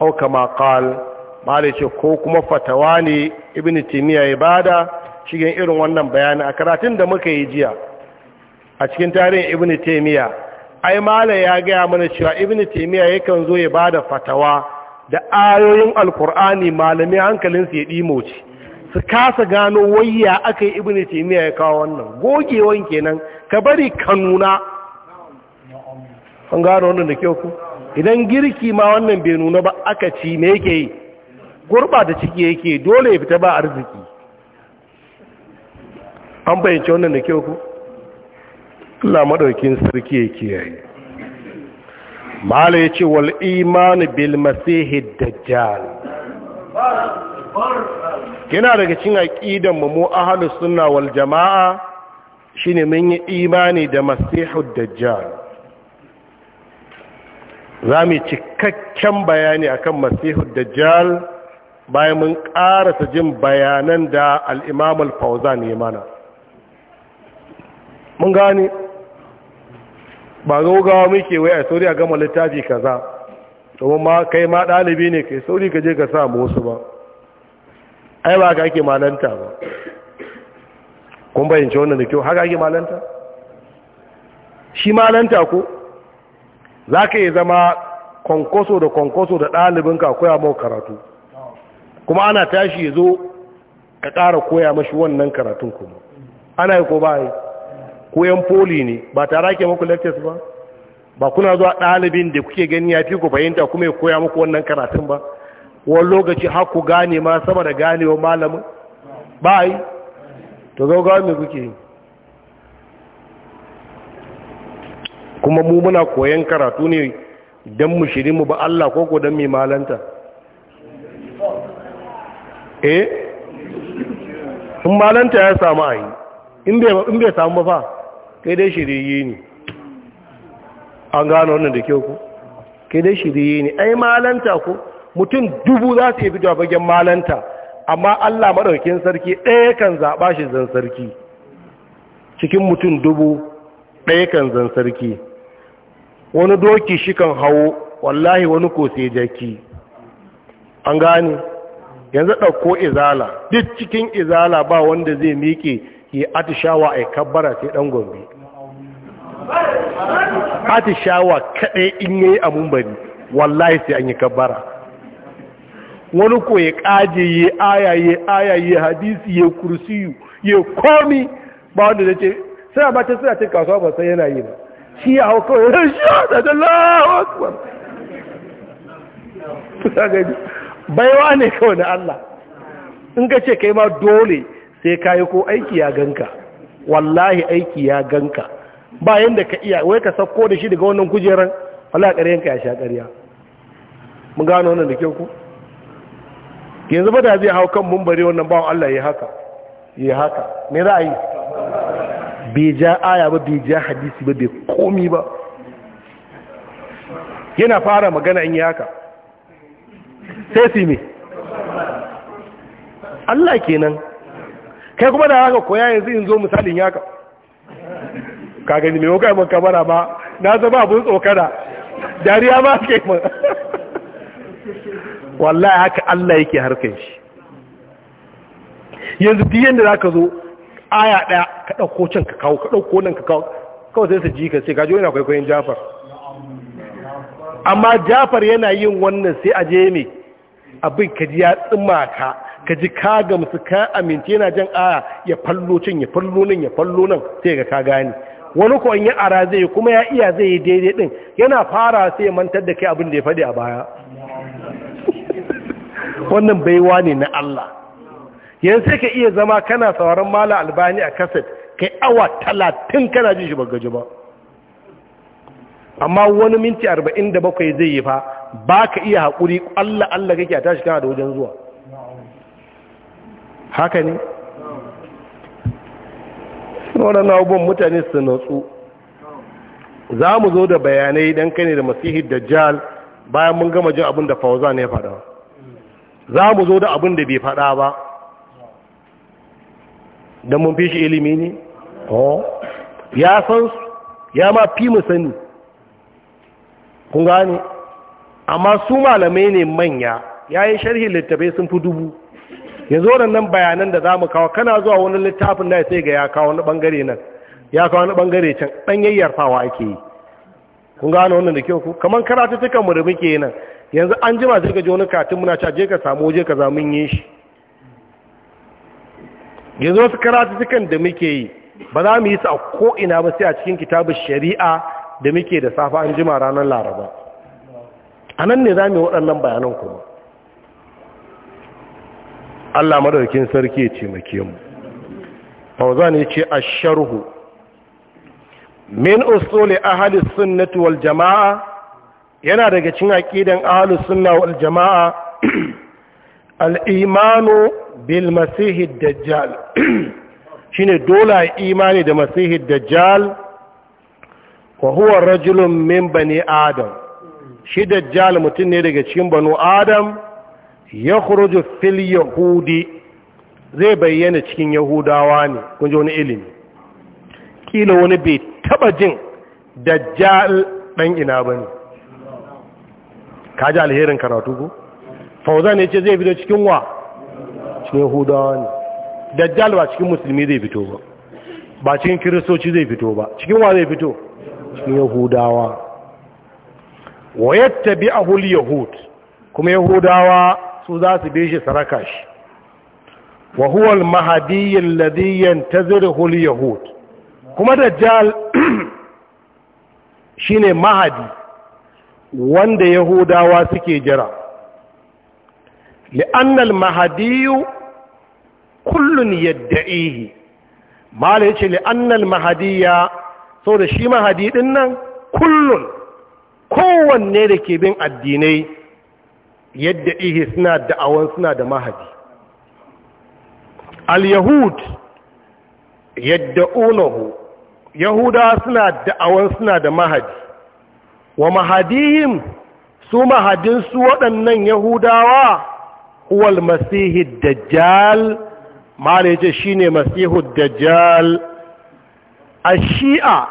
au kama qala malai ce ko kuma fatawa ne ibn timiya ya bada cikin irin wannan bayani a karatun da muka yi jiya a cikin tarihin ibn timiya ai malai ya gaya mana cewa ibn timiya yakan zo ya bada fatawa da ayoyin alkur'ani malami hankalinsu ya ɗimoci su kasa gano wayya aka yi ibn timiya ya kawo wannan gogewan kenan ka bari kanuna an gano wannan da kyau ku idan girki ma wannan bai nuna ba aka ci me yake yi da ciki yake dole ya fita ba arziki an bayyance wannan da kyau ku Allah madaukin sarki yake yayi mala yace wal iman bil masihi dajjal kina daga cikin aqidan mu ahlus sunna wal jamaa shine mun yi imani da masihud dajjal zamu cikakken bayani akan masihud dajjal bayan mun ƙarasa jin bayanan da al'imam al-fauza ne mana mun gane ba gaugawa muke wai a sauri a gama littafi kaza domin ma kai ma ɗalibi ne kai sauri ka je ka samu wasu ba ai ba ka ake malanta ba kun bayyance wannan da kyau haka ake malanta shi malanta ko za ka yi zama kwankwaso da kwankwaso da ɗalibinka koya mau karatu kuma ana tashi ya zo ka ƙara koya mashi wannan karatun kuma ana yi ko ba yi koyan poli ne ba tare ake maku lectures ba ba kuna zuwa ɗalibin da kuke gani ya fi ku fahimta kuma ya koya maku wannan karatun ba wani lokaci har ku gane ma sama da ganewa malamin ba yi to gaugawa mai kuke yi kuma mu muna koyan karatu ne don mu shirin mu ba Allah ko ko don mai malanta eh in malanta ya samu a yi in bai samu ba kai dai shirye ne an gano wannan da kyau ku kai dai shirye ne ai malanta ku mutum dubu za su yi fito a fagen malanta amma allah maɗaukin sarki ɗaya kan zaɓa shi zan sarki cikin mutum dubu ɗaya kan zan sarki wani doki shi kan hawo wallahi wani ko sai jaki an gane yanzu ɗauko izala duk cikin izala ba wanda zai miƙe yi atishawa a kabbara sai ɗan gombe atishawa kaɗai in yi a mumbari wallahi sai an yi kabbara wani ko ya ƙaje ya ayaye ayaye hadisi ya kursi ya komi ba wanda zai ce sai ba ta suna cin kasuwa ba sai yana yi ba shi ya hau kawai ya shi da da (laughs) baiwa ne kawai na Allah in ka ce kai ma dole sai ka yi ko aiki ya ganka wallahi aiki ya ganka bayan da ka iya wai ka sauko da shi daga wannan kujeran wala ƙaryanka ya sha ƙarya mun gano wannan da kyau ku yanzu ba da zai hau kan mumbari wannan bawan Allah ya haka ya haka me za a yi bai ja aya ba bai ja hadisi ba bai komi ba yana fara magana in yi haka sai su me Allah kenan kai kuma da haka koya yanzu in zo misalin yaka ka gani mai wuka mun kamara ba na zama abin tsokana dariya ma ke mun wallahi haka Allah yake harkar shi yanzu duk yanda zaka zo aya daya ka dauko can ka kawo ka dauko nan ka kawo kawai sai su ji ka sai ka ji yana kwaikwayon Jafar amma jafar yana yin wannan sai a je ne abin ka ji ya tsima ka ka ji ka gamsu ka amince yana jan aya ya fallo cin ya fallo nan ya fallo nan sai ga ka gane wani ko ya ara zai kuma ya iya zai yi daidai din yana fara sai mantar da kai abin da ya faɗi a baya (laughs) wannan baiwa ne na Allah yanzu sai ka iya zama kana sauraron mala albani a kaset kai awa talatin kana jin shi bagaji ba amma wani minti arba'in da bakwai zai yi fa ba ka iya haƙuri allah allah kake a tashi kana da wajen zuwa haka ne waɗannan abubuwan mutane su natsu za mu zo da bayanai don kai ne da masihi dajjal bayan mun gama jin abin da fauza ne ya faɗa za mu zo da abin da bai faɗa ba don mun fi shi ilimi ne oh. ya san su ya ma fi mu sani kun gane amma su malamai ne manya yayin sharhi littafai sun fi dubu yanzu nan bayanan da za mu kawo kana zuwa wani littafin da sai ga ya kawo wani bangare nan ya kawo wani bangare can ɗan fawa ake yi kun gano wannan da kyau ku kamar karatuttukan mu da muke nan yanzu an jima sai ka ji wani katin muna cewa je ka samu je ka zamu yin shi yanzu wasu tukan da muke yi ba za mu yi su a ko ina ba sai a cikin kitabun shari'a da muke da safa an jima ranar laraba a nan ne za mu yi waɗannan bayanan kuma allah madaukin sarki ya ce make mu fauzan ya ce a sharhu min usuli ahli sunnati wal jama'a yana daga cikin aqidan ahli sunna wal jama'a (clears throat) al imanu bil masih dajjal (clears throat) shine dole imani da masih dajjal fa huwa rajulun min bani adam shi dajjal mutum ne daga cikin banu adam ya khuruju fil yahudi zai bayyana cikin yahudawa ne kun ji wani ilimi kila wani bai taba jin dajjal dan ina bane kaji alherin karatu ko fauza ne ce zai fito cikin wa cikin yahudawa ne dajjal ba cikin musulmi zai fito ba ba cikin kiristoci zai fito ba cikin wa zai fito cikin yahudawa wa a hul yahud kuma yahudawa su za su bi shi saraka shi wa huwa al-mahdi alladhi yantaziruhu hul yahud kuma dajjal (clears throat) shine mahadi wanda yahudawa suke jira li'anna al-mahdi kullun yadda'ihi mala yace li'anna al saboda shi ma hadidin nan kullun kowanne da ke bin addinai yadda ihe suna da'awan suna da mahadi al-yahud yadda unahu yahuda suna da'awan suna da mahadi wa mahadihim su mahadinsu waɗannan yahudawa huwal masihid dajjal mara shi shine masihud dajjal a shi'a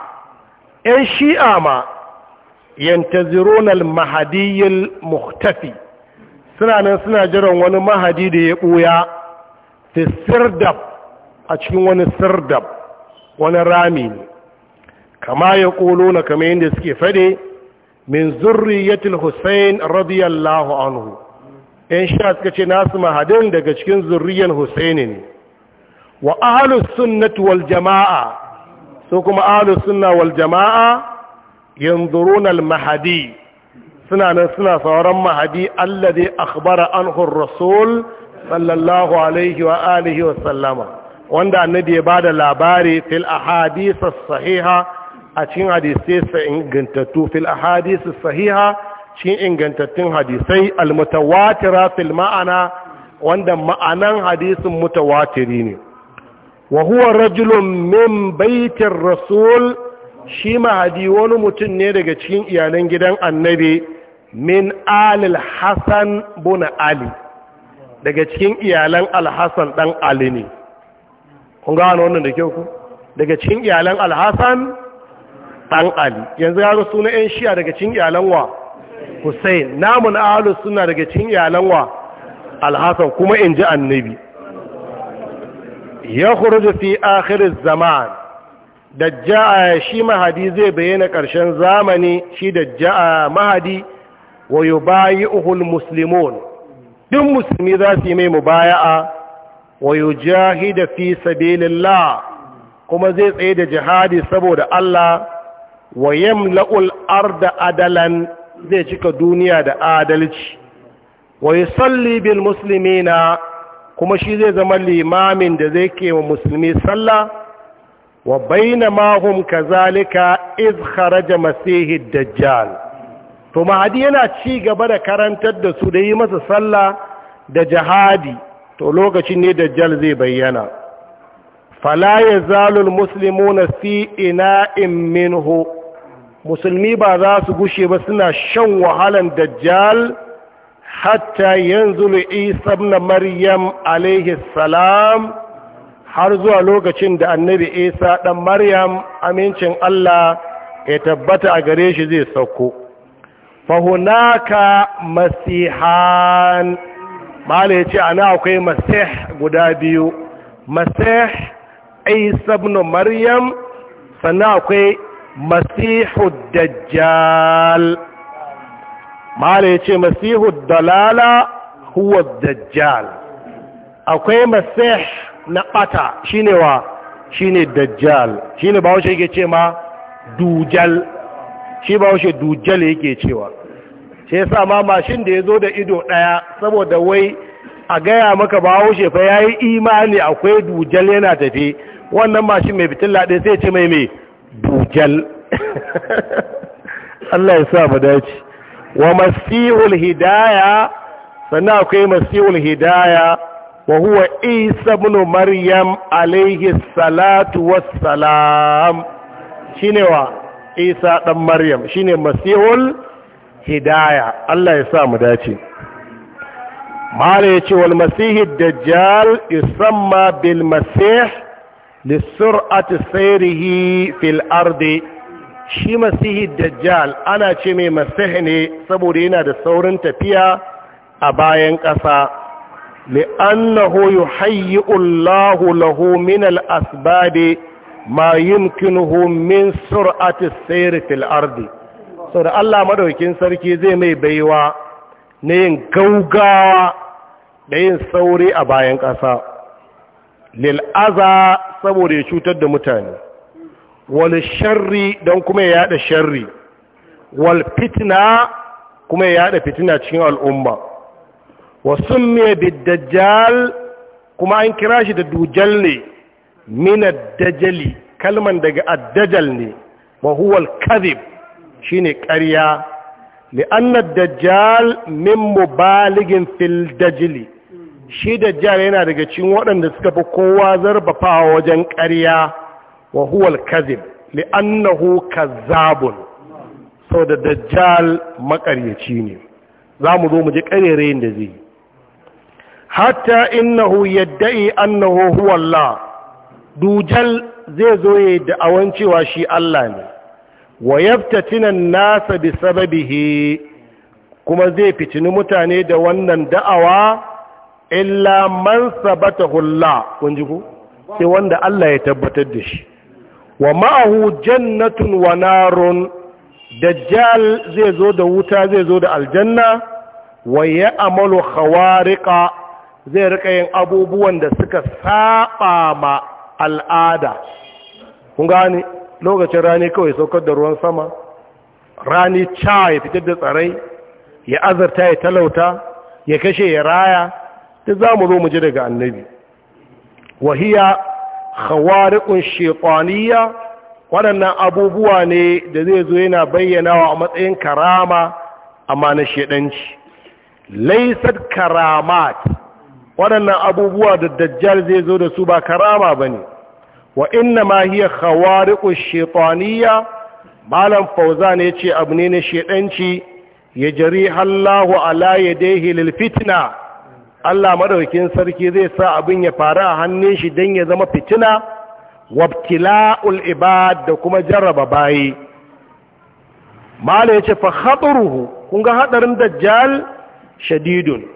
‘yan shi'a ma yantazironal mahadiyyar muhtafi suna nan suna jiran wani mahadi da ya ɓuya fi sirdab a cikin wani sirdab wani rami ne kama ya ƙolo na kama yadda suke fade min zurriyatul hussein radiyallahu anhu ‘yan sha suka ce nasu mahadin daga cikin zurriyar hussein ne wa ahalus sunnatu wal jama'a su kuma ahlus sunna wal jama'a yanzuruna al mahadi suna nan suna sauran mahadi alladhi akhbara anhu rasul sallallahu alaihi wa alihi wa sallama wanda annabi ya bada labari fil ahadith sahiha a cikin hadisai sa ingantattu fil ahadith sahiha cikin ingantattun hadisai al mutawatira fil ma'ana wanda ma'anan hadisin mutawatiri ne وهو رجل rajulun min baitin شيما shi mahadi wani mutum ne daga cikin iyalan gidan annabi min alil hasan buna ali daga cikin iyalan alhassan dan ali ne kun gano wannan da kyau ku daga cikin iyalan alhassan dan ali yanzu ya zo suna yan shiya daga cikin iyalan wa hussein namun ahlus suna daga cikin iyalan wa alhassan kuma in ji annabi ya kurdu fi akhirin zaman dajja'a shi mahadi zai bayyana ƙarshen zamani shi dajja'a mahadi wa yi bayi uhul musulmun duk musulmi za su yi mai mubaya'a wa yi da fi sabilillah kuma zai tsaye da jihadi saboda Allah wa la'ul arda adalan zai cika duniya da adalci wa yusalli bil muslimina kuma shi zai zama limamin da zai ke wa musulmi sallah wa baina mahum kazalika iz kharaja masihi dajjal to mahadi yana ci gaba da karantar da su da yi masa sallah da jihadi to lokacin ne dajjal zai bayyana fala yazalu almuslimuna fi ina'in minhu musulmi ba za su gushe ba suna shan wahalan dajjal hatta yanzu isa na maryam alaihi salam har zuwa lokacin da annabi isa ɗan maryam amincin allah ya tabbata a gare shi zai sauko fahunaka masihan mala ya ce ana akwai masih guda biyu masih isa na maryam sannan akwai masihu dajjal mala ya ce masihu dalala huwa dajjal akwai masih na bata shine wa shine dajjal shine ba wace yake ce ma dujal shi ba dujal yake cewa sai sa ma mashin da ya zo da ido ɗaya saboda wai a gaya maka ba fa ya yi imani akwai dujal yana tafi wannan mashin mai fitilla ɗaya sai ce mai mai dujal (laughs) Allah ya sa mu dace ومسيح الهداية سنعك مسيح الهدايا وهو عيسى بن مريم عليه الصلاة والسلام شنو عيسى بن مريم شيني مسيح الهدايا الله يسام داتي مالك والمسيح الدجال يسمى بالمسيح لسرعة سيره في الأرض shi masihi dajjal ana ce mai masihi ne saboda yana da saurin tafiya a bayan ƙasa li'annahu yuhayyi'u Allahu lahu min al-asbabi ma yumkinuhu min sur'ati sayr fil ardi saboda Allah madaukin sarki zai mai baiwa na yin gauga da yin sauri a bayan ƙasa lil'aza saboda ya cutar da mutane wal sharri don kuma ya yada sharri wal fitna kuma ya yada fitina cikin al'umma wa summiya bid dajjal kuma an kira shi da dujal ne min dajali kalman daga ad ne mahuwal huwa al-kadhib shine ƙarya li'anna ad-dajjal min mubaligin fil dajali shi dajjal yana daga cikin waɗanda suka fi kowa zarbafawa wajen ƙarya wa huwa al-kadhib li'annahu kazzabun saboda dajjal makaryaci ne zamu zo mu ji karerayin da zai hatta innahu yadda'i annahu huwa dujal zai zo ya da'awan cewa shi Allah ne wa yaftatina nasa bi sababihi kuma zai fitini mutane da wannan da'awa illa man sabatahu Allah kun ji ku wanda Allah ya tabbatar da shi wa ma'ahu jannatun wa narun dajjal zai zo da wuta zai zo da aljanna wa ya amalu khawariqa zai rika yin abubuwan da suka saba ma al'ada kun gani lokacin rani kawai saukar da ruwan sama rani ca ya fitar da tsarai ya azarta ya talauta ya kashe ya raya duk za mu zo mu ji daga annabi wahiya khawariqun shaytaniya waɗannan abubuwa ne da zai zo yana bayyanawa a matsayin karama amma na shedanci laysat karamat waɗannan abubuwa da dajjal zai zo da su ba karama bane wa inna ma hiya khawariqun shaytaniya malam ne yace abune ne na shedanci ya jari Allahu ala yadayhi lilfitna Allah madaukin sarki zai sa abin ya faru a hannun shi don ya zama fitina wabtila'ul ibad da kuma jarraba bayi mala yace fa khadruhu kun ga hadarin dajjal shadidun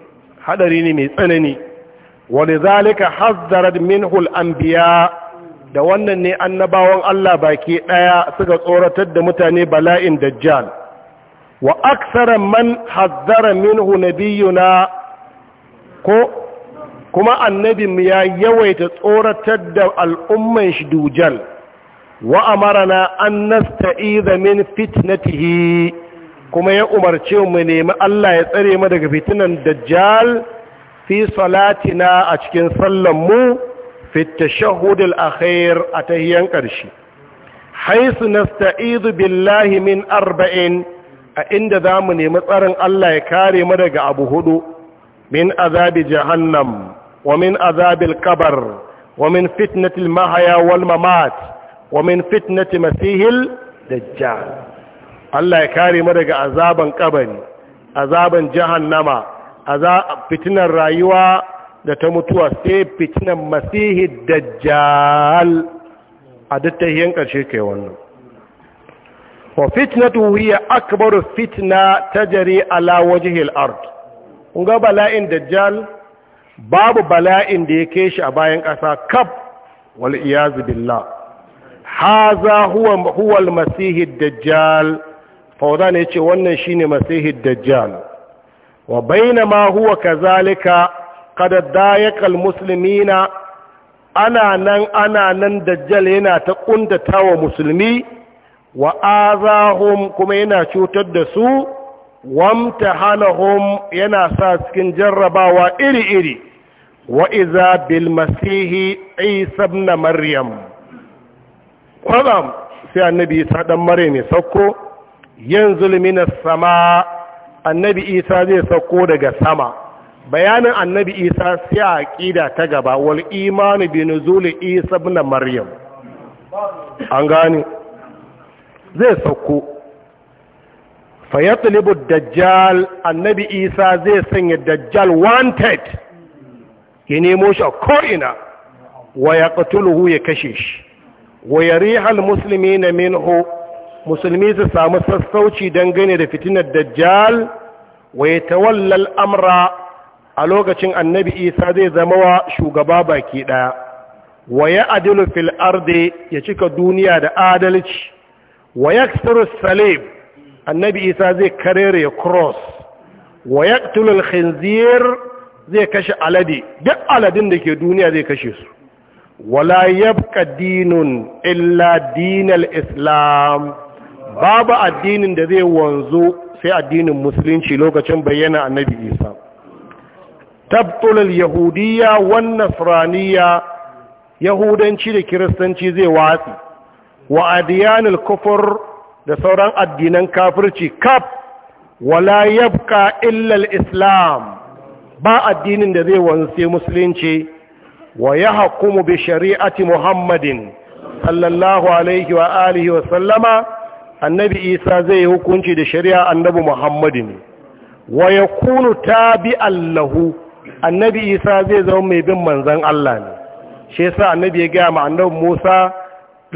Haɗari ne mai tsanani walidhalika hazzarat minhu al-anbiya da wannan ne annabawan Allah baki ɗaya suka tsoratar da mutane bala'in dajjal wa aksara man hazzara minhu nabiyuna ko kuma annabin ya yawaita tsoratar da al'umman shi dujal wa an nasta'iza min fitnatihi kuma ya umarce mu nemi Allah ya tsare mu daga fitinan dajjal fi salatina a cikin sallanmu mu fi al-akhir a tahiyan karshe haisu nasta'izu billahi min arba'in a inda zamu nemi tsarin Allah ya kare mu daga abu hudu min azabi jahannam wa min azabil kabar wa min fitnatil mahaya mamat wa min fitnati masihil dajjal Allah ya kare mu daga azaban kabari azaban jahannama fitinar rayuwa da ta mutuwa sai fitinar masihi dajjal a yanka ƙarshe kai wannan wa fitnatu hiya akbaru fitna tajri ala wajhi al kun ga bala'in dajjal babu bala'in da ya ke shi a bayan ƙasa kaf wal iyazu billah haza huwa huwa al-masih ad-dajjal fawdan yace wannan shine masih ad-dajjal wa ma huwa kazalika qad dayaqa al-muslimina ana nan ana nan dajjal yana ta tawa musulmi wa azahum kuma yana cutar da su Wamta wamtahanahum yana sa cikin jarrabawa iri-iri wa iza bil masihi isa ibn maryam kwazam sai annabi isa dan maryam ya sauko yanzu na sama annabi isa zai sauko daga sama bayanin annabi isa sai a aqida ta gaba wal imanu bi nuzuli isa ibn maryam an gane zai sauko fa dajjal annabi isa zai sanya dajjal wanted ya nemo shi a ko'ina wa ya ƙatuluhu ya kashe shi wa ya rihal musulmi na minhu musulmi su samu sassauci dangane da fitinar dajjal wa ya tawallal amra a lokacin annabi isa zai zama wa shugaba baki ɗaya wa ya adilu fil arde ya cika duniya da adalci wa ya salib annabi isa zai karere ya cross wa yaqtulul khinzir zai kashe alade duk aladin da ke duniya zai kashe su wala yabqa dinun illa dinal islam babu addinin da zai wanzo sai addinin musulunci lokacin bayyana annabi isa tabtulul yahudiyya wan nasraniyya yahudanci da kiristanci zai watsi wa adiyanul kufur da sauran addinan kafirci kaf wala yabqa illa al-islam ba addinin da zai wanse musulunci wa yahkumu bi shari'ati muhammadin sallallahu alaihi wa alihi wa sallama annabi isa zai hukunci da shari'a annabi muhammadin wa yakunu tabi'an lahu annabi isa zai zama mai bin manzon Allah ne shi yasa annabi ya ga ma annabi Musa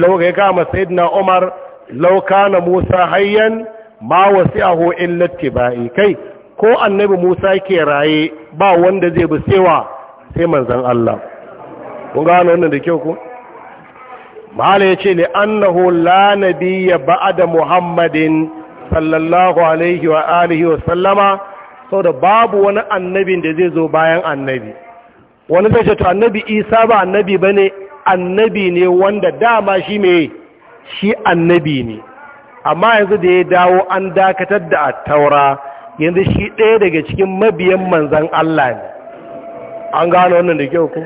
lawa ga ga ma sayyidina Umar lauka na musa hayyan ma wasi'ahu illa tibai kai ko annabi musa ke raye ba wanda zai bi sewa sai manzan Allah kun gano wannan da kyau ko ya yace li annahu la nabiyya ba'da muhammadin sallallahu alaihi wa alihi wa sallama da babu wani annabin da zai zo bayan annabi wani zai ce to annabi isa ba annabi bane annabi ne wanda dama shi mai shi annabi ne amma yanzu da ya dawo an dakatar da attaura yanzu shi ɗaya daga cikin mabiyan manzan Allah ne an gano wannan da kyau ku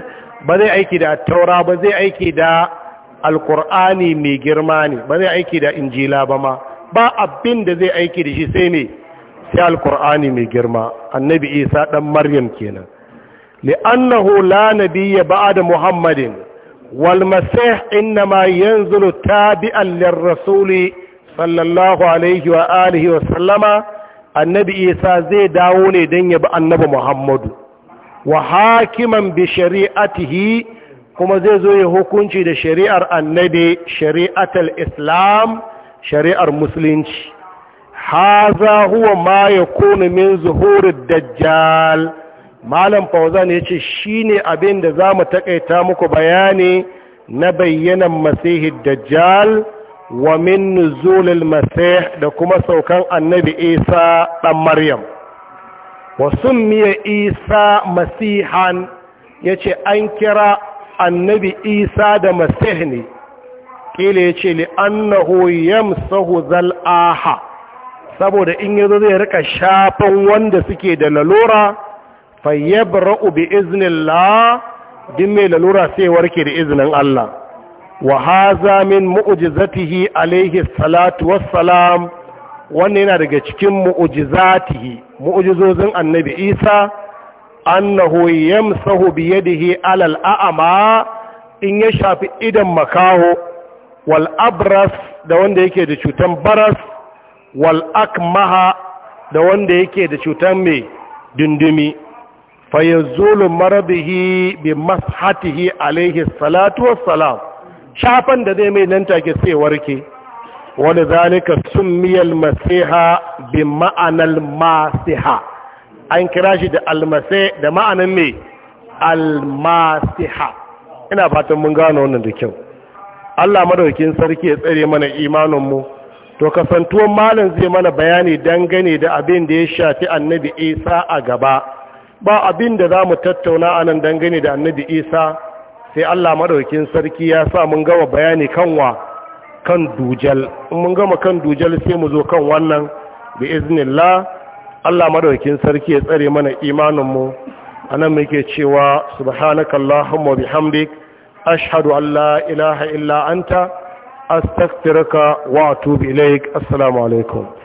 ba zai aiki da attaura ba zai aiki da alkur'ani mai girma ne ba zai aiki da injila ba ma ba abin da zai aiki da shi sai ne sai alkur'ani mai girma annabi isa ɗan maryam kenan li'annahu la nabiyya ba'da muhammadin والمسيح إنما ينزل تابعا للرسول صلى الله عليه وآله وسلم النبي إيسا زي داوني دنيا بأنب محمد وحاكما بشريعته كما زي زي هكونش دا شريعة النبي شريعة الإسلام شريعة المسلمين هذا هو ما يكون من ظهور الدجال malam fauzan ya ce shi ne abin da za mu taƙaita muku bayani na bayyanan masihid dajjal wa min nuzulil masih da kuma saukan annabi isa ɗan maryam wa miya isa masihan ya ce an kira annabi isa da masih ne ƙila ya ce li'annahu yamsahu zal'aha saboda in yazo zai rika shafan wanda suke da lalura fayyabra'u bi iznillah din mai lalura sai warke da izinin Allah wa haza min mu'jizatihi alayhi salatu wassalam wannan yana daga cikin mu'jizatihi mu'jizozin annabi Isa annahu yamsahu bi yadihi alal a'ama in ya shafi idan makaho wal abras da wanda yake da cutan baras wal akmaha da wanda yake da cutan mai dindimi fayyazulun maradihi bi mashatihi alaihi salatu wassalam shafan da zai mai nan take sai warke wani zalika summiyal masiha bi ma'anal masiha an kira shi da almasai da ma'anin mai almasiha ina fatan mun gano wannan da kyau Allah madaukin sarki ya tsare mana imaninmu to kasantuwan malam zai mana bayani dangane da abin da ya shafi annabi isa a gaba ba abin da za mu tattauna a nan dangane da annabi isa sai allah maɗaukin sarki ya sa mun gama bayani kanwa kan dujal mun gama kan dujal sai mu zo kan wannan bi iznillah allah maɗaukin sarki ya tsare mana imaninmu a nan muke cewa subhanakallahumma bihamdik ashhadu an la ilaha illa anta astaghfiruka wa atubu ilaik assalamu alaikum